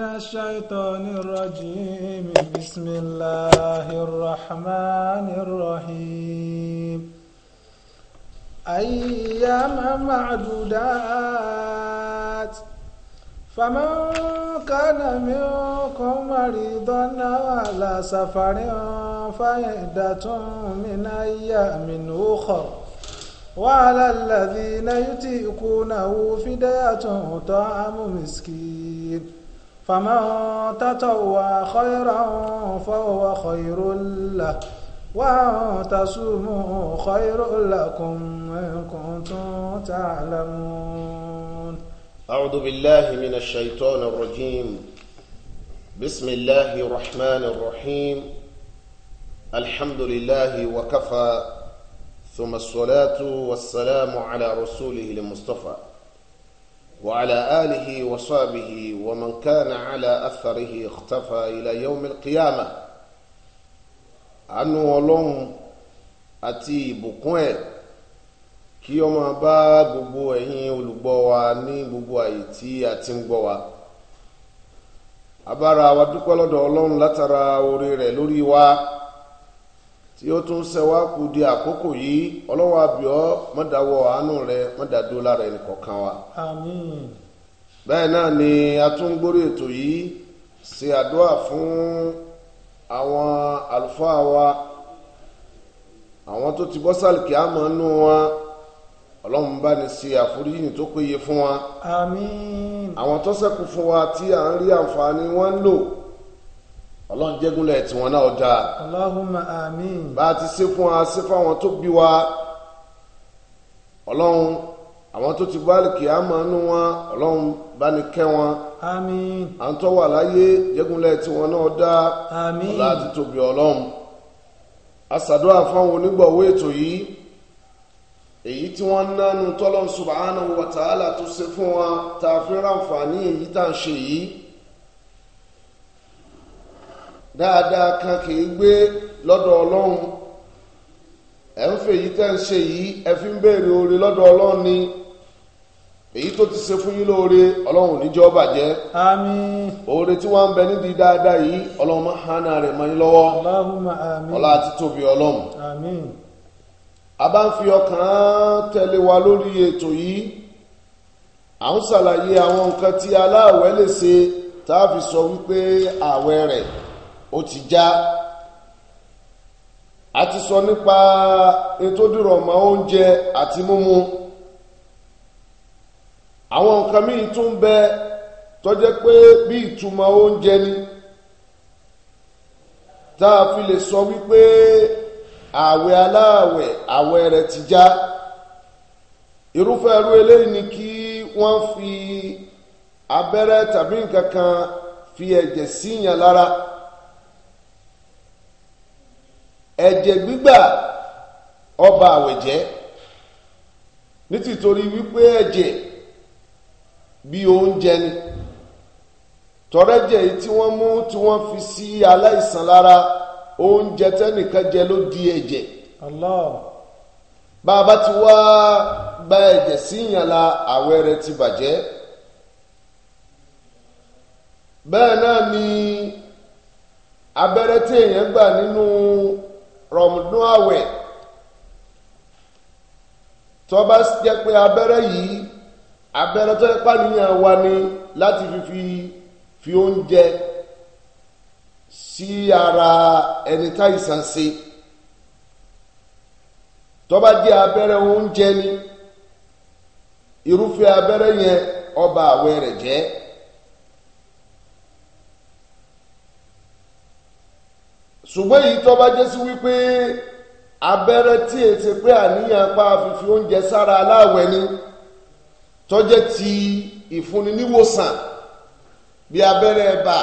الشيطان الرجيم بسم الله الرحمن الرحيم أيام معدودات فمن كان منكم مريضا على سفر فعدة من أيام أخر وعلى الذين يتيقونه فدية طعام مسكين فمن تتوى خيرا فهو خير له وأن تصوموا خير لكم إن كنتم تعلمون أعوذ بالله من الشيطان الرجيم بسم الله الرحمن الرحيم الحمد لله وكفى ثم الصلاة والسلام على رسوله المصطفى وعلى آله وصحبه ومن كان على أثره اختفى إلى يوم القيامة àánú Ọlọ́run àti ìbùkún ẹ̀ kí ó máa bá gbogbo ẹ̀yin olùgbọ́ wa ní gbogbo àyè tí a ti ń gbọ́ wa abára wa dúpẹ́ lọ́dọ̀ Ọlọ́run látara oore rẹ̀ lórí wa. Lórí wa tí ó tún ṣẹwá kù di àkókò yìí ọlọ́wọ́ àbíọ́ mọ́dáwọ́ àánú rẹ mọ́dádó lára ẹnì kọ̀ọ̀kan wa. bẹ́ẹ̀ náà ni a ètò yìí ṣe àdúrà fún àwọn àlùfáà wa àwọn tó ti bọ́ sálìkì àmọ́ nú wa ọlọ́run bá ní ṣe àforíjìn tó péye fún wa. àwọn tó fún wa tí à ń rí àǹfààní wọn ń lò ọlọ́run jẹ́gúnlẹ̀ tiwọn náà ọjà. Allahumma àmín. bá a ti ṣe fún wa ṣe fáwọn tó bí wa ọlọ́run àwọn tó ti báàlì kì á máa nú wọn ọlọ́run bá ní kẹ́ wọn. àmín. à ń tọ́ wà láyé jẹ́gúnlẹ̀ tiwọn náà ọjà. àmín. ọlá àti tóbi ọlọ́run. àṣàdúrà fáwọn onígbọ̀wọ́ ètò yìí èyí tí wọ́n ń nánu tọ́lọ́ subhanahu wa tó ṣe fún wa tá a fi ráǹfààní èyí tá à ṣe yìí dáadáa kan kì í gbé lọ́dọ̀ ọlọ́run ẹ̀ ń fẹ́ èyí tẹ́ ń ṣe yìí ẹ fi ń béèrè oore lọ́dọ̀ ọlọ́run ni èyí tó ti ṣe fún yín lóore ọlọ́run níjọ́ bàjẹ́ àmín oore tí wọ́n ń bẹ nídìí dáadáa yìí ọlọ́run máa hánà rẹ̀ mọ́ yín lọ́wọ́ Allahumma àmín ọlá àti tóbi ọlọ́run a bá ń fi ọkàn tẹ̀lé wa lórí ètò yìí à ń ṣàlàyé àwọn nǹkan tí aláàwẹ̀ lè ṣe tá a fi sọ wípé àwẹ̀ rẹ̀ ó ti já a ti sọ nípa ètò dúró ọmọ oúnjẹ àti mímu àwọn nǹkan míì tún bẹ tó jẹ́ pé bí ìtumọ̀ oúnjẹ ni tá a fi lè sọ wípé ààwẹ̀ aláàwẹ̀ ààwẹ̀ rẹ̀ ti já irúfẹ́ ẹrú eléyìí ni kí wọ́n fi abẹ́rẹ́ tàbí nǹkan kan fi ẹ̀jẹ̀ síyàn lára ẹ̀jẹ̀ gbígbà ọba àwẹ̀ jẹ́ nítìtorí wípé ẹ̀jẹ̀ bí oúnjẹ ni tọ́rẹ́jẹ̀ yìí tí wọ́n mú tí wọ́n fi sí aláìsàn lára oúnjẹ tẹ́nìkan jẹ ló di ẹ̀jẹ̀ Allah bá a bá ti wá gba ẹ̀jẹ̀ sí ìyànlá àwẹ̀ rẹ̀ ti bàjẹ́ bẹ́ẹ̀ náà ni abẹ́rẹ́ tí èèyàn gbà nínú rọmọdún àwẹ̀ tó bá jẹ́ pé abẹ́rẹ́ yìí abẹ́rẹ́ tó ipá wa ni láti fi fi fi oúnjẹ sí ara ẹni táìsàn ṣe tó bá jẹ́ abẹ́rẹ́ ni irúfẹ́ abẹ́rẹ́ yẹn ó àwẹ̀ ṣùgbọ́n èyí tó bá jẹ́ sí wípé abẹ́rẹ́ tí è ti pé àníyàn pa fífi oúnjẹ sára aláàwẹ̀ ni tọ́jẹ́ ti ìfúnni níwòsàn bí abẹ́rẹ́ ẹ̀bà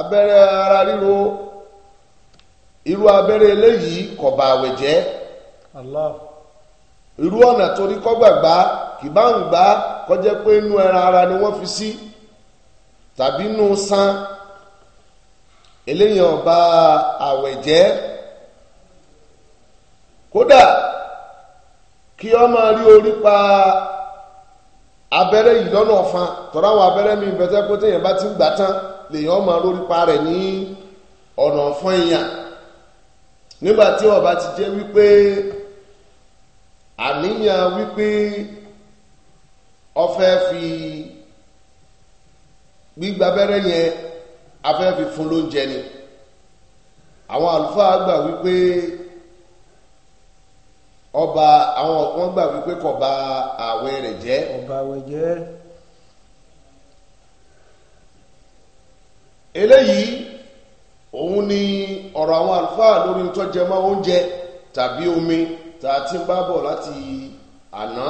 abẹ́rẹ́ ara ríro irú abẹ́rẹ́ eléyìí kò bà àwẹ̀ jẹ́ Allah irú ọ̀nà torí kọ́gbàgbá kì bá ń gbá kọjẹ́ pé inú ẹran ara ni wọ́n fi sí tàbí inú san. No eléyìí ọba àwẹ̀ jẹ́ kódà kí ọ máa rí orí pa abẹ́rẹ́ yìí lọ́nà ọ̀fan tọ́ra àwọn abẹ́rẹ́ mi bẹ́tẹ́ pé téèyàn bá ti ń gbà tán lèèyàn máa rórí pa rẹ̀ ní ọ̀nà ọ̀fan èèyàn nígbà tí ọba ti jẹ́ wípé àníyàn wípé ọfẹ́ fi gbígbabẹ́rẹ́ yẹn afẹ́ fi fún lóúnjẹ ni àwọn àlùfáà gbà wípé ọba àwọn wọn gbà wípé kò bà àwẹ̀ rẹ̀ jẹ́. ọba àwẹ̀ jẹ́. eléyìí òun ni ọ̀rọ̀ àwọn àlùfáà lórí tó jẹ mọ́ oúnjẹ tàbí omi tá a ti ń bá bọ̀ láti àná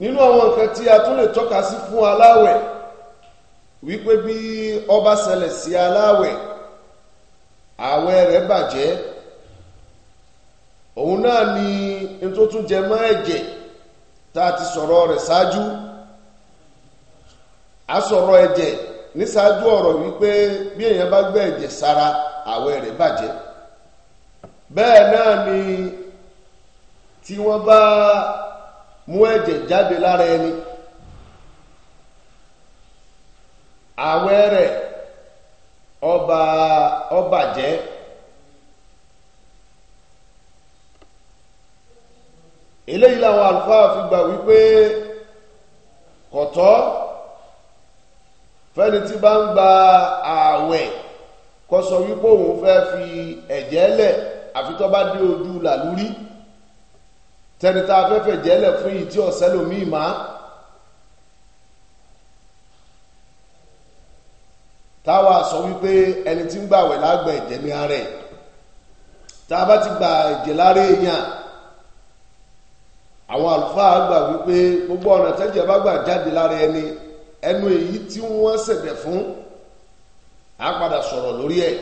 nínú àwọn nǹkan tí a tún lè tọ́ka sí fún aláwẹ̀ wípé bí ọba ṣẹlẹ̀ sí aláwẹ̀ àwẹ̀ rẹ̀ bàjẹ́ òun náà ni n tó tún jẹ mọ́ ẹ̀jẹ̀ tá a ti sọ̀rọ̀ rẹ̀ ṣáájú a sọ̀rọ̀ ẹ̀jẹ̀ ní ṣáájú ọ̀rọ̀ wípé bí èèyàn bá gbé ẹ̀jẹ̀ sára àwẹ̀ rẹ̀ bàjẹ́ bẹ́ẹ̀ náà ni tí wọ́n bá mú ẹ̀jẹ̀ jáde lára ẹni. àwẹ̀ rẹ̀ ọba ọba jẹ́ eléyìí làwọn àlùfáà fi gbà wípé kọ̀tọ́ fẹ́ni tí bá ń gba ààwẹ̀ kó sọ wípé òun fẹ́ fi ẹ̀jẹ̀ lẹ̀ àfi tó bá dé ojú làlúrí tẹni tá a fẹ́ fẹ̀jẹ̀ lẹ̀ fún yìí tí ọ̀sẹ́ lòmíì máa. sọ wípé ẹni tí ń gbàwẹ̀ lágbà ẹ̀jẹ̀ ní ara ẹ̀ tá a bá ti gba ẹ̀jẹ̀ lára èèyàn àwọn àlùfáà gbà wípé gbogbo ọ̀nà tẹ́jẹ̀ bá gbà jáde lára ẹni ẹnu èyí tí wọ́n ṣẹ̀bẹ̀ fún á padà sọ̀rọ̀ lórí ẹ̀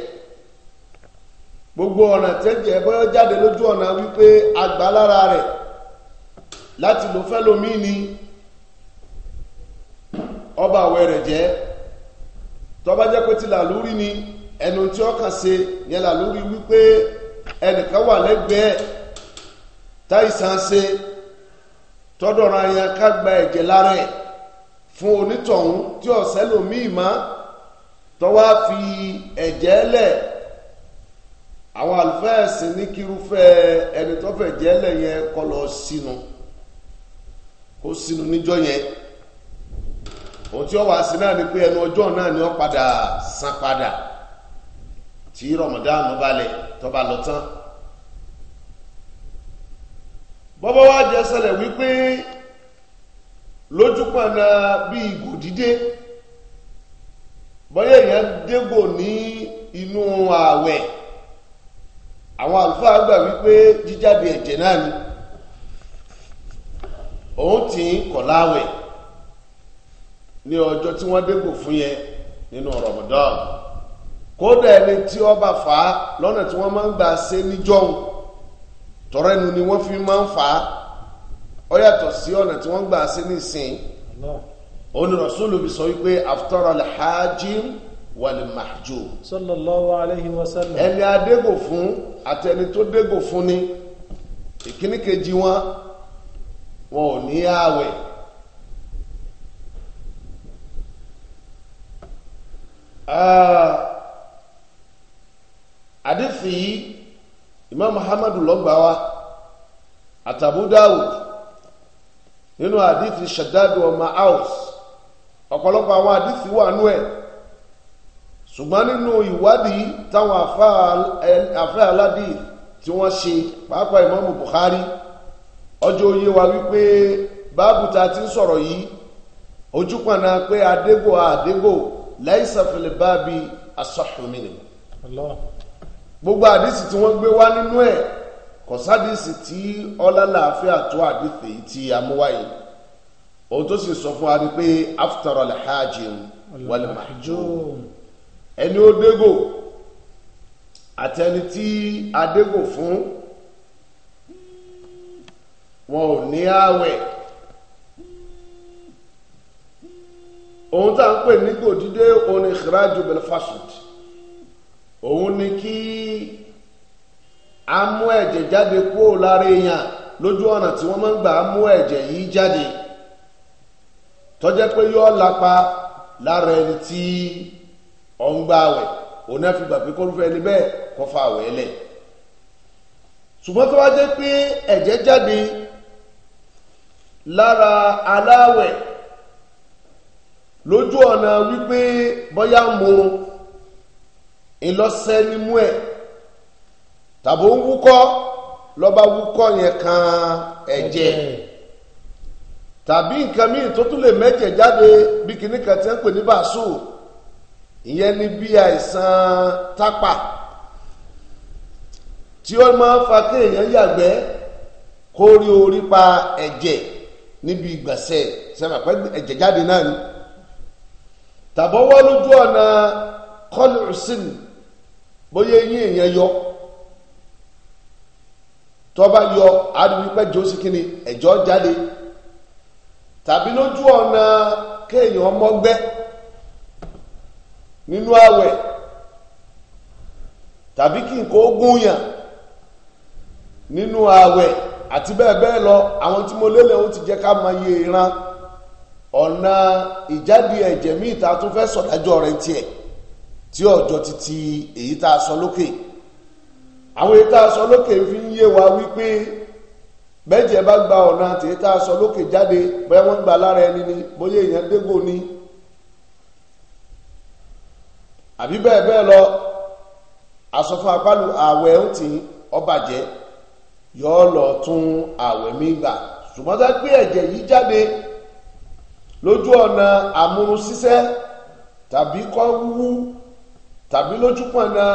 gbogbo ọ̀nà tẹ́jẹ̀ bọ́yọ́ jáde lójú ọ̀nà wípé agbá lára rẹ̀ láti lò fẹ́ lómi ni ọba àwẹ̀ rẹ̀ jẹ́ tọ́ba jẹ́ pé ti làlúrí ni ẹnu tí ó kàn ṣe yẹn làlúrí wípé ẹnìkan wà lẹ́gbẹ̀ẹ́ táìsàn ṣe tọ́dọ̀ra yẹn ká gba ẹ̀jẹ̀ lára ẹ̀ fún onítọ̀hún tí ọ̀sẹ́ lòmíì má tọ́wá fi ẹ̀jẹ̀ lẹ̀ àwọn àlùfẹ́ẹ̀sì ní kírúfẹ́ ẹni tó fẹ̀jẹ̀ lẹ̀ yẹn kọ́ lọ sínú kó sínú níjọ́ yẹn. òun tí ó wá sí náà ni pé ẹnu ọjọ́ náà ni ó padà san padà tí rọmọdánù balẹ̀ tó bá lọ tán bọ́bọ́ wá jẹ́ ṣẹlẹ̀ wípé lójúpọ̀nà bí ìgò dídé bọ́yẹ̀ èèyàn dégbò ní inú ààwẹ̀ àwọn àlùfáà gbà wípé jíjáde ẹ̀jẹ̀ náà ni òun tí kọ̀ láwẹ̀ ní ọjọ́ tí wọ́n dégò fún yẹn nínú Ramadan kódà ẹni tí ó bá fà á lọ́nà tí wọ́n máa ń gbà ṣe níjọ́hun tọrọ ẹnu ni wọ́n fi máa ń fà á ó yàtọ̀ sí ọ̀nà tí wọ́n gbà ṣe nísìn onírọ̀sọ́lù bí sọ wípé aftara al-hajim wal-mahjum sallallahu alayhi wa sallam ẹni adégò fún àtẹni tó dégò fún ni ìkíníkejì wọn wọn ò ní ààwẹ̀ àdìsí ah, yìí imam muhammadu lọ́gbà wa àtàbú dawud nínú àdìsí shaddadu ọmọ house ọ̀pọ̀lọpọ̀ àwọn àdìsí wà nú ẹ̀ ṣùgbọ́n nínú ìwádìí táwọn afẹ́ aládì tí wọ́n ṣe pàápàá imam bukhari ọjọ́ oyé wa wípé báàbù ta ti ń sọ̀rọ̀ yìí ojúpọ̀nà pé adégò àdégò laisa fil babi asahhu minhu gbogbo àdìsí tí wọ́n gbé wá nínú ẹ̀ kò sádìsí tí ọlálàáfíà tó àdìsí tí a mú wáyé òun tó sì sọ fún wa ni pé aftara al-hajim wal mahjum ẹni ó dégò àti ẹni tí a dégò fún wọn ò ní ààwẹ̀. òun tá à ń pè nígbò dídé òun ni xiraju belfast òun ni kí a mú ẹ̀jẹ̀ jáde kúrò lára èèyàn lójú ọ̀nà tí wọ́n máa ń gbà á mú ẹ̀jẹ̀ yìí jáde tọ́jẹ́ pé yọ́ lápá lára ẹni tí ọ̀ ń gbà wẹ̀ òun náà fi gbà pé kórúfẹ́ ẹni bẹ́ẹ̀ kọ́ fa àwẹ̀ lẹ̀ ṣùgbọ́n tó wá jẹ́ pé ẹ̀jẹ̀ jáde lára aláwẹ̀ lójú ọ̀nà wípé bọ́yá mo ìlọ́sẹ́ nímú ẹ̀ tàbí ó ń wúkọ́ lọ́ba wúkọ́ yẹn kan ẹ̀jẹ̀ tàbí nǹkan míì tó tún lè mẹ́jẹ̀ jáde bí kinní kan ti ń pè ní bàṣù ìyẹn ni bí àìsàn tápà tí ó máa ń fa kéèyàn yàgbẹ́ kó rí orí pa ẹ̀jẹ̀ níbi ìgbọ̀nsẹ̀ sẹ́mi àpẹ́ ẹ̀jẹ̀ jáde náà ni. tàbọ̀ wá lójú ọ̀nà kọlùsìn bóyá eyín èèyàn yọ tọ́ba yọ adùnúpẹ́jọ́ sí ẹ̀jọ́ jáde tàbí lójú ọ̀nà kéèyàn mọ́gbẹ́ nínú àwẹ̀ tàbí kí n kó gúnyàn nínú àwẹ̀ àti bẹ́ẹ̀ bẹ́ẹ̀ lọ àwọn tí mo lélẹ̀ ó ọ̀nà ìjáde ẹ̀jẹ̀ míì ta tún fẹ́ sọ̀dájọ́ rẹ̀ tiẹ̀ tí ọjọ́ títí èyí tá a sọ lókè àwọn èyí tá a sọ lókè fi ń yé wa wípé bẹ́jẹ̀ bá gba ọ̀nà tèyí tá a sọ lókè jáde bóyá wọ́n gba lára ẹni ni bóyá èèyàn dégò ni àbí bẹ́ẹ̀ bẹ́ẹ̀ lọ àsọfún apálù ààwẹ̀ ń tì ó bàjẹ́ yọ ọ lọ tún ààwẹ̀ mi gbà ṣùgbọ́n tá gbé ẹ̀jẹ̀ yìí jáde lójú ọ̀nà àmúrun ṣiṣẹ́ tàbí kọ́ wú tàbí lójúpọ̀nà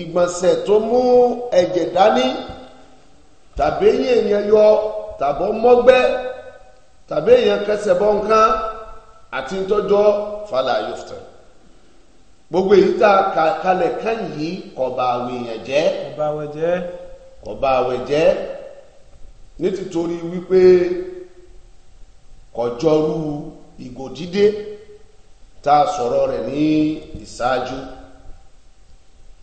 ìgbọ̀nsẹ̀ tó mú ẹ̀jẹ̀ dání tàbí eyín èèyàn yọ tàbọ̀ mọ́gbẹ́ tàbí èèyàn kẹsẹ̀ bọ́ nǹkan àti ntọ́jọ́ fàlà yòftẹ̀ gbogbo èyí tá a kalẹ̀ kán yìí kò ba àwẹ̀ èèyàn jẹ́ kò ba àwẹ̀ jẹ́ kò ba àwẹ̀ jẹ́ ní wípé. kọjọrú ìgò dídé tá a sọ̀rọ̀ rẹ̀ ní ìsáájú.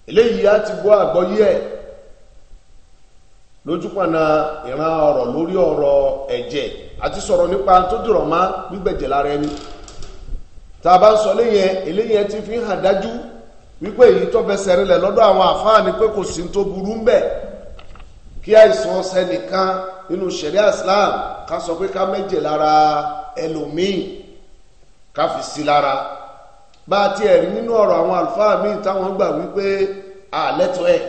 eléyìí á ti gbọ́ àgbọ́yé ẹ̀ lójúpọ̀nà ìran ọ̀rọ̀ lórí ọ̀rọ̀ ẹ̀jẹ̀ àti sọ̀rọ̀ nípa tó gbígbẹ̀jẹ̀ a bá ń sọ léyìn eléyìn ti fi hàn dájú wípé èyí nínú ṣẹ̀ríà Islam ká sọ pé ká méje lára ẹlòmíì ká fi sí lára bá a ti ẹ̀rí nínú ọ̀rọ̀ àwọn àlùfáà míì táwọn gbà wípé àlẹ́tọ̀ ẹ̀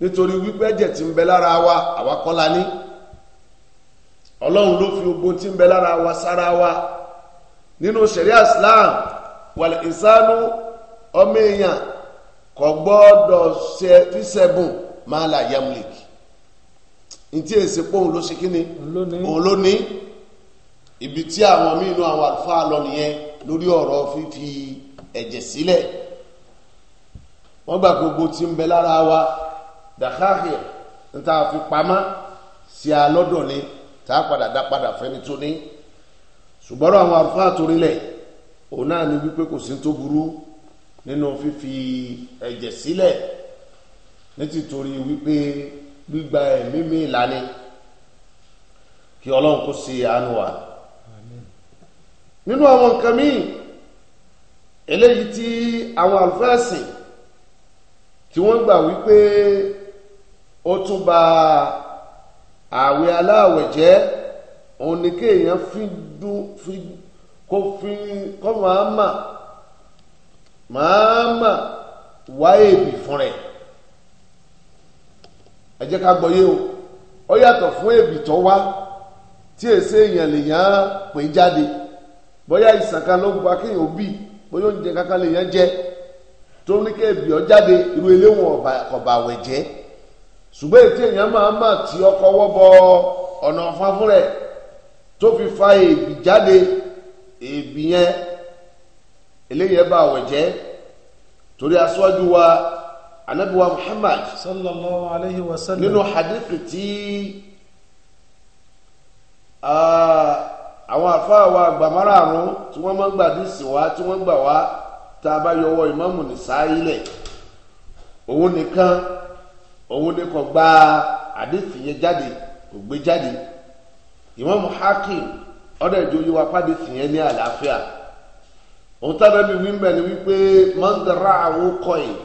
nítorí wípé ẹ̀jẹ̀ tí ń bẹ lára wa àwa kọ́ ní ọlọ́run ló fi ogun tí ń bẹ lára wa sára wa nínú ṣẹ̀ríà Islam wàlẹ̀ ìsánú ọmọ èèyàn kò gbọ́dọ̀ fi ṣẹ́gun máa là yamlik ntí èsì pé òun ló ṣe kíni òun ló ní ibi tí àwọn míì inú àwọn àlùfáà lọ nìyẹn lórí ọ̀rọ̀ fífi ẹ̀jẹ̀ sílẹ̀ wọ́n gbà gbogbo tí ń bẹ lára wa dàkáàkì níta fi pamọ́ sí a lọ́dọ̀ ni tá a padà dá padà fẹ́ni tó ní ṣùgbọ́n àwọn àlùfáà torí òun náà ní wípé kò sí tó burú nínú fífi ẹ̀jẹ̀ sílẹ̀ ní wípé gbígba ẹ̀mí mi ìlànà kí ọlọ́run kó ṣe àánú wa nínú àwọn nǹkan míì eléyìí tí àwọn àlùfáàsìn tí wọ́n gbà wípé ó tún ba ààwẹ̀ aláàwẹ̀ jẹ́ òun ni kéèyàn fi dún fi kó fi kó máa mà máa mà wá èbì fún rẹ̀. ẹ jẹ́ ká gbọ́yé o ó yàtọ̀ fún ebi tó wá tí èsè èèyàn pè jáde bóyá ìsànká ló gba kéèyàn bì bóyá oúnjẹ kankan lèèyàn jẹ tó ní kí èbì ọ jáde irú eléwọ̀n ọba àwẹ̀ jẹ ṣùgbọ́n ètò èèyàn máa mà tí ọkọ̀ wọ́bọ ọ̀nà ọ̀fà fún rẹ̀ jáde yẹn bá anabiwa muhammad sallallahu alayhi wa sallam nínú hadithi tí àwọn àfáà wa àgbà márààrún tí wọ́n máa ń gbà díìsì wá tí wọ́n gbà wá tá a bá yọwọ́ ìmáàmù Nasa'i lẹ̀ òun nìkan òun ni gba hadithi yẹn jáde kò gbé jáde ìmáàmù hakim ọ̀dọ̀ ìjọ yìí wá pàdé fìyẹn ní àlàáfíà òun tábẹ́bí wíńbẹ̀ ni wípé mọ́ndàrá àwọn kọ́ yìí.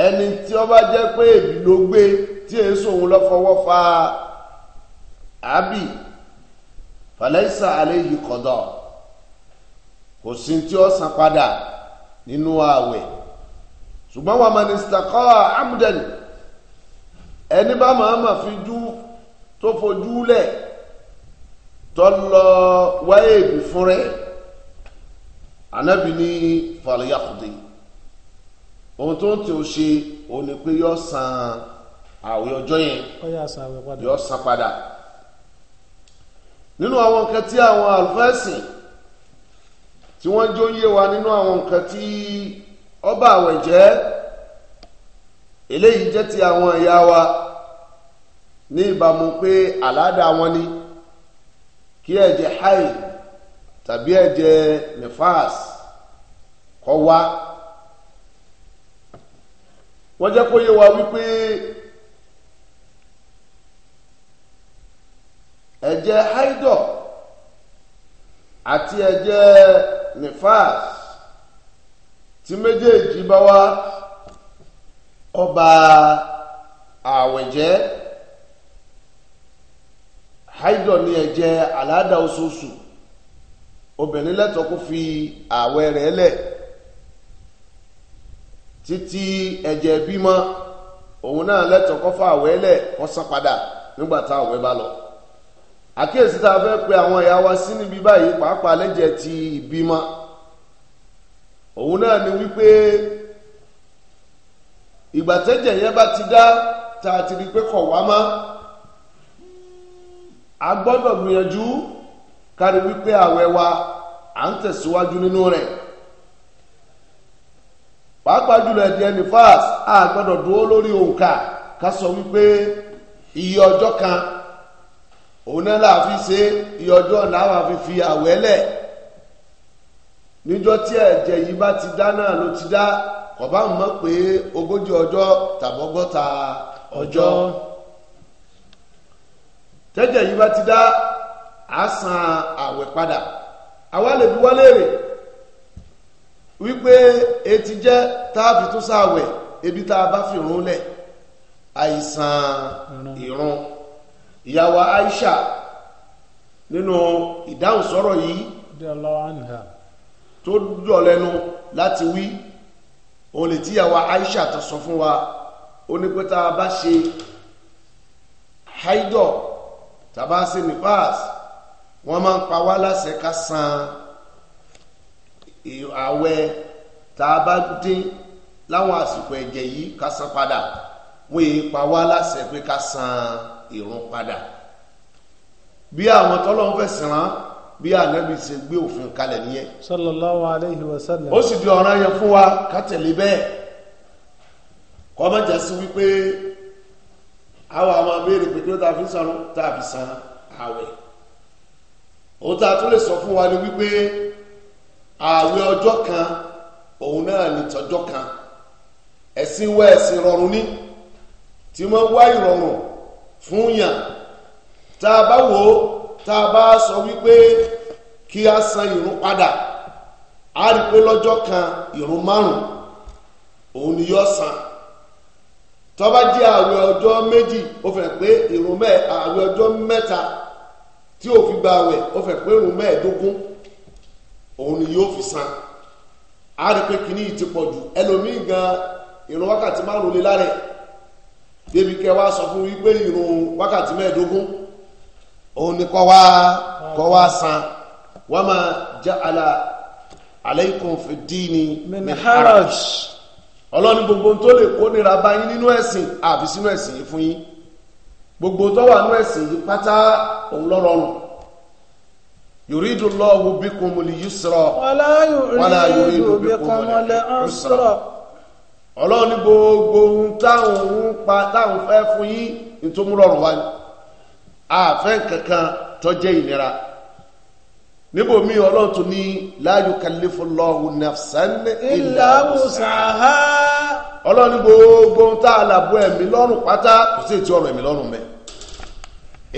ẹni tí ọ bá jẹ́ pé èbì ló gbé tí èé sòun lọ fọwọ́ fa àbí fàlẹ́sà àléyìí kọ̀dọ̀ kò sí tí ó san padà nínú ààwẹ̀ ṣùgbọ́n wà mínísítà kọ́ amúdẹ̀n ẹni bá ma fi dú tó fojú lẹ̀ tó lọ wáyé èbì fún rẹ̀ ànábì ní fàlẹ́yà ohun tó ń tí ó ṣe òun ni pé yọ san àwẹ̀ ọjọ́ yẹn yọ san padà nínú àwọn nǹkan tí àwọn àlùfẹ́sìn tí wọ́n jó ń yé wa nínú àwọn nǹkan tí ọba àwẹ̀ jẹ́ eléyìí jẹ́ ti àwọn ẹ̀yà wa ní ìbámu pé àládà wọn ni kí ẹ̀jẹ̀ haid tàbí ẹ̀jẹ̀ nefas kọ́ wá. wọ́n jẹ́ kó yé wa wípé ẹ̀jẹ̀ haidọ̀ àti ẹ̀jẹ̀ nifas ti méjèèjì bá wá ọba àwẹ̀ jẹ́ haidọ̀ ni ẹ̀jẹ̀ aláàdá oṣooṣù obìnrin lẹ́tọ̀ọ́ kó fi àwẹ̀ rẹ̀ lẹ̀. títí ẹ̀jẹ̀ bímọ òun náà lẹ́tọ̀ọ́ kó fà àwẹ̀ lẹ̀ kó san padà nígbà tá àwẹ̀ bá lọ. àkíyèsí tá a fẹ́ pe àwọn ìyá wa sí níbi báyìí pàápàá lẹ́jẹ̀ ti ìbímọ òun náà ni wípé ìgbà tẹ́jẹ̀ yẹn bá ti dá tá a ti di pé kọ̀ wá mọ́ a gbọ́dọ̀ gbìyànjú kárí wípé àwẹ̀ wa à ń tẹ̀síwájú nínú rẹ̀ pàápàá jùlọ ẹ̀dì ẹni fáàs a gbọ́dọ̀ dúró lórí òǹkà ká sọ wípé iye ọjọ́ kan òun náà la fi ṣe iye ọjọ́ náà wà fi fi àwẹ́lẹ̀ níjọ́ tí ẹ̀jẹ̀ yìí bá ti dá náà ló ti dá kò bá mọ̀ pé ogójì ọjọ́ tàbọ́gọ́ta ọjọ́ tẹ́jẹ̀ yìí bá ti dá a àwẹ̀ padà àwa lè fi wá léèrè wípé etí jẹ́ táàbì tún sáwẹ̀ ebi tá a bá fi rún lẹ̀ àìsàn ìrun ìyàwó Aisha nínú ìdáhùn sọ̀rọ̀ yìí tó dọ̀ lẹ́nu láti wí òun lè tí ìyàwó Aisha tó sọ fún wa ó ní pé tá a bá ṣe haidọ̀ tàbá ṣe nípaas wọ́n máa ń pa wá láṣẹ ká san àwẹ̀ tá a bá dín láwọn àsìkò ẹ̀jẹ̀ yìí ká san padà wọ́n yìí pa wá láṣẹ pé ká san ìrun padà bí àwọn tọ́lọ́hún fẹ̀sìn rán bí ànábì ṣe gbé òfin kalẹ̀ nìyẹn. sallallahu alayhi wa sallam. ó sì di ọ̀ràn yẹn fún wa ká tẹ̀lé bẹ́ẹ̀ kọ́ má jà sí wípé àwọn àwọn abéèrè pé kí ló ta fi san tá a fi san àwẹ̀ òun tá a tún lè sọ fún wa ni wípé ààwẹ̀ ọjọ́ kan òun náà ní tọjọ́ kan ẹ̀sìn wá ẹ̀sìn rọrùn ní tí wọ́n wá ìrọ̀rùn fún yàn tá a bá wò ó tá a bá sọ wípé kí a san ìrun padà a rí pé lọ́jọ́ kan ìrun márùn-ún òun ni yóò san tó bá jẹ́ ààwẹ̀ méjì ó fẹ́ pé ìrun mẹ́ẹ̀ ààwẹ̀ ọjọ́ mẹ́ta tí ò gba ààwẹ̀ ó fẹ́ pé ìrun mẹ́ẹ̀ẹ́dógún òun ni yóò fi san á rí pé kìíní yìí ti pọ̀ jù ẹlòmíì gan ìrun wákàtí márùn-ún lé lára ẹ̀ débi kẹ wá sọ fún wípé ìrun wákàtí mẹ́ẹ̀ẹ́dógún òun ni kọ́ wá kọ́ wá san wọ́n máa jẹ́ àlà aleikum fi dini ọlọ́ni gbogbo tó lè kó nira bá yín nínú ẹ̀sìn àbí sínú ẹ̀sìn yìí fún yín gbogbo tó wà nínú ẹ̀sìn yìí pátá òun lọ́rọ̀ọ̀rùn yòrídù lọ́wọ́ bí kò mú lè yísọ̀rọ̀ wọ́n yòrídù bí kò mú lè ọ̀sọ̀rọ̀ ọlọ́run ní gbogbo ohun táwọn ohun pa táwọn fẹ́ fún yín nítorí wá ní àfẹ́ kankan tọ́jẹ́ ìlera níbo mi ọlọ́run tún ní la yukallifu Allahu nafsan illa wus'aha ọlọ́run ní gbogbo ohun tá a là bọ́ ẹ̀mí lọ́rùn pátá kò sí ètò ọ̀rọ̀ ẹ̀mí lọ́rùn mẹ́ẹ̀.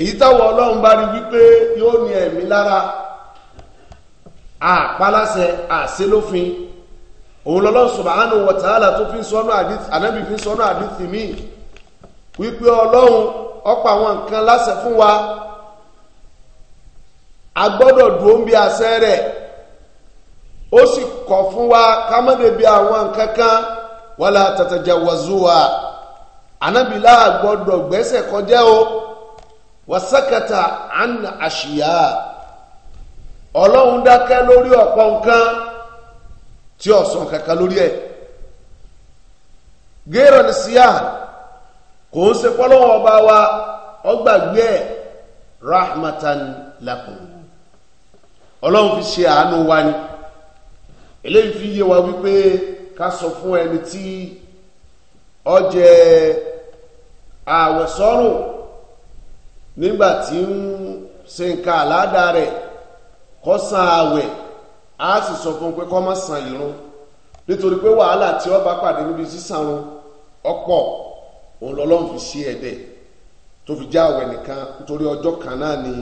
èyí táwọn ọlọ́run bá rí wípé yóò ní ẹ̀mí lára àpáláṣẹ àṣelófin òun lọ́lọ́run subhanahu wa ta'ala tó fi ń sọ́nà àdìsí ànábì fi ń sọ́nà àdìsí míì wípé ọlọ́run ọ̀pọ̀ àwọn nǹkan láṣẹ fún wa a gbọ́dọ̀ dùn bí si rẹ̀ ó sì kọ̀ fún wa ká má àwọn nǹkan kan wala tatajawazuha ànábìlá gbọ́dọ̀ gbẹ́sẹ̀ kọjá o. wasakata an àṣìyà ọlọ́run dákẹ́ lórí ọ̀pọ̀ nǹkan tí ọ̀sán kankan lórí ẹ̀ gẹ́rọ ní síyà kò ń ṣe pọ́lọ́wọ́ ọba wa ọgbàgbé ẹ̀ rahmatan lakum ọlọ́run fi ṣe àánú wa ni eléyìí fi yé wa wípé ká sọ fún ẹni tí ọjẹ́ àwẹ̀sọ́rùn nígbà tí ń ṣe nǹkan àládà rẹ̀ kó san àwẹ̀ á sì sọ fún un pé kó má san ìrun nítorí pé wàhálà tí ó bá pàdé níbi sísanrun ọ̀pọ̀ òun lọ́lọ́run fi ṣe ẹ̀dẹ̀ tó fi já àwẹ̀ nìkan nítorí ọjọ́ kan náà ni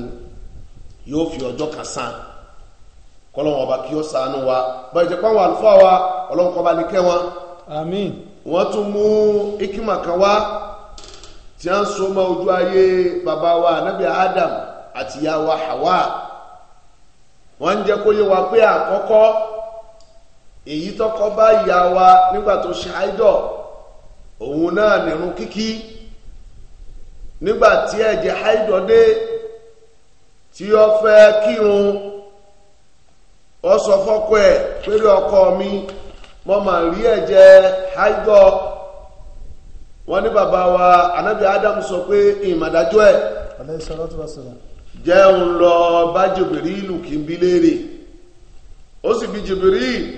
yóò fi ọjọ́ kan san kọlọ́wọ́n ọba kí ó sànú wa báyìí jẹ́ pàwọn àlùfáà wa ọlọ́run kó bá ní kẹ́ wọ́n tún mú ikima kan wá tí a ń so mọ́ ojú ayé bàbá wa ànábì Adam àti ìyá wa Hawa wọ́n ń jẹ́ kó yé wa pé àkọ́kọ́ èyí tọ́kọ́ bá ìyá wa nígbà tó ṣe àìdọ̀ òun náà nìrun kíkí nígbà tí ẹ̀jẹ̀ àìdọ̀ dé tí ó fẹ́ kírun ó sọ fọ́kọ ẹ̀ pé ọkọ mi mo máa rí ẹ̀jẹ̀ àìdọ̀ wọ́n ní bàbá wa anabi adam sọ pé ìmàdájọ́ ẹ̀ jẹun lọ bá jìbìrìlù kì í bí léèrè ó sì bí jìbìrìlù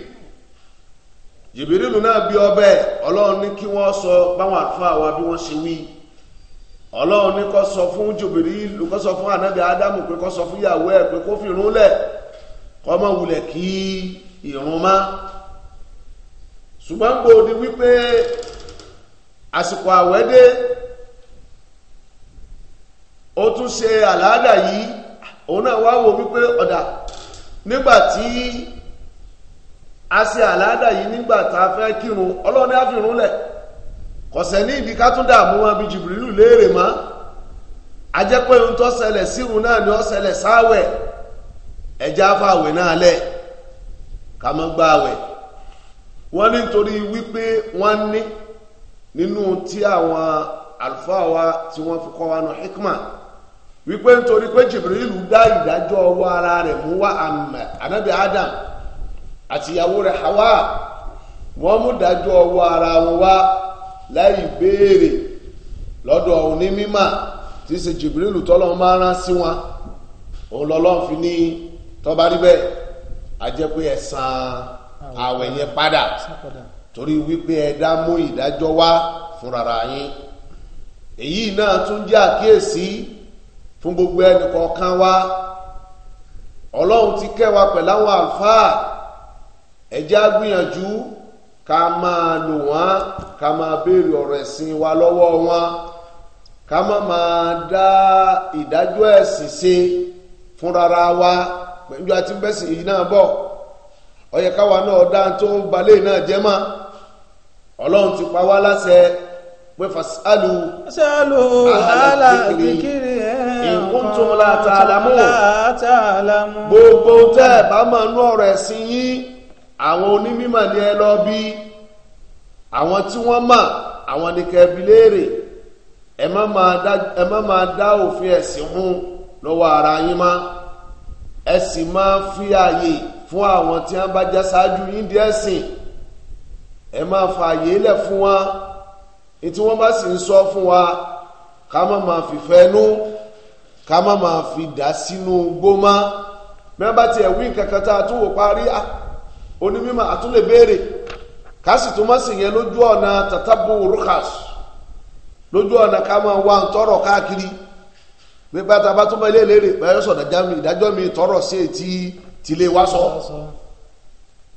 jìbìrìlù náà bí ọbẹ̀ ọlọ́run ní kí wọ́n sọ báwọn àfáà wa bí wọ́n ṣe wí ọlọ́run ní kó sọ fún jìbìrìlù kó sọ fún anabi adam pé kó sọ fún ìyàwó ẹ̀ pé kó fi irun lẹ̀ kó má wulẹ̀ kí irun má ṣùgbọ́n gbòdì wípé. àsìkò àwẹ̀ dé ó tún ṣe àlàádà yìí òun náà wá wò wípé ọ̀dà nígbàtí a ṣe àlàádà yìí nígbàtà fẹ́ kírun ọlọ́ni àfihàn kọ̀sẹ̀ ní ibi ká tún dààmú wọn bí jìbìrìlù léèrè mọ́ a jẹ́ pé ohun tó ṣẹlẹ̀ sírun náà ni ó ṣẹlẹ̀ sáwẹ̀ nínú tí àwọn àlùfáà wa tí wọ́n fi kọ́ wa nù hikma wípé nítorí pé Jibrilu dá ìdájọ́ ọwọ́ ara rẹ̀ mú wá ànábì Adam àtìyàwó rẹ̀ Hawa wọ́n mú dájọ́ ọwọ́ ara wọn wá láì béèrè lọ́dọ̀ òní mímà tí ṣe Jibrilu tọ́lọ́ máa rán sí wọn òun lọ́lọ́run fi ní tọ́ba rí bẹ́ẹ̀ a jẹ́ pé ẹ̀san àwẹ̀ yẹn padà torí wípé ẹ̀dá mú ìdájọ́ wá fúnrara yín èyí náà tún jẹ́ àkíyèsí fún gbogbo ẹnì kọ̀ọ̀kan wa ọlọ́run ti kẹ́ wa pẹ̀láwọn àlùfáà ẹ jẹ́ gbìyànjú ká máa lò wọ́n ká máa béèrè ọ̀rọ̀ ẹ̀sìn wa lọ́wọ́ wọn ká má máa dá ìdájọ́ ẹ̀sìn ṣe fúnrara wa pẹ̀lú àti bẹ́sìn yìí náà bọ̀ ó yẹ káwa náà dá tó balẹ̀ náà jẹ́ máa. ọlọ́run ti pa wá láṣẹ pé fasalu fasalu ala zikiri ìkúntùn láta àlámù gbogbo tẹ́ ẹ̀ bá mọ̀ nú ọ̀rọ̀ ẹ̀sìn yín àwọn onímọ̀ ni ẹ lọ bí àwọn tí wọ́n mọ̀ àwọn ni kẹ́ bi léèrè ẹ má máa dá òfin ẹ̀sìn mú lọ́wọ́ ara yín má ẹ sì máa fi ààyè fún àwọn tí wọ́n bá já ṣáájú yín di ẹ̀sìn ẹ máa fààyè lẹ̀ fún wa tí wọ́n bá sì ń sọ fún wa ká má máa fìfẹ́ nú ká má máa fi dà sínú gbómá mẹ́bàá tiẹ̀ wí kankan tá a tún wò parí onímọ̀ àtúnlẹ̀ béèrè ká sì tún má sì yẹn lójú ọ̀nà tàtàbù rukas lójú ọ̀nà ká máa wá ń tọrọ káàkiri bí bàtà bá tún bá ilé ìlérè báyọ̀ sọ̀dọ̀ ìdájọ́ mi tọrọ sí etí tìlé wá sọ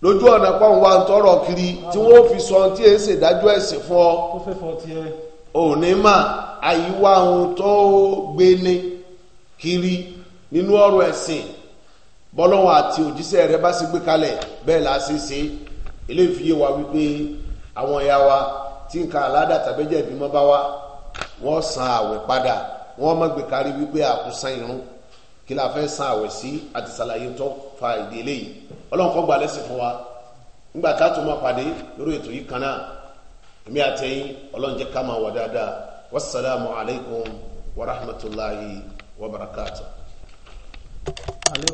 lójú ọ̀nà pa òun wa ń tọrọ kiri tí wọ́n fi sọ ohun tí èé ṣèdájọ́ ẹ̀sìn fún ọ. ó fẹ́ fọ tiẹ̀. òní mà àyíwá ohun tó gbéni kiri nínú ọ̀rọ̀ ẹ̀sìn bọ́lọ́wọ́n àti òjíṣẹ́ rẹ bá sì gbé kalẹ̀ bẹ́ẹ̀ la ṣe ṣe eléyìí fi yé wa wípé àwọn ìyá wa tí nǹkan aládàá tàbẹ́jẹ́ ìbímọ bá wa wọ́n san àwẹ̀ padà wọ́n mọ̀ gbé kárí wípé àkúsan irun kí la fẹ́ san àwẹ̀ sí àti ṣàlàyé tán fa ìdí eléyìí ọlọ́run kó gbà lẹ́sìn fún wa nígbà tá a tún máa pàdé lórí ètò yìí kan náà èmi àtẹ̀yìn ọlọ́run jẹ́ ká máa wà dáadáa wasalaamu wa rahmatulahi wa barakatuh.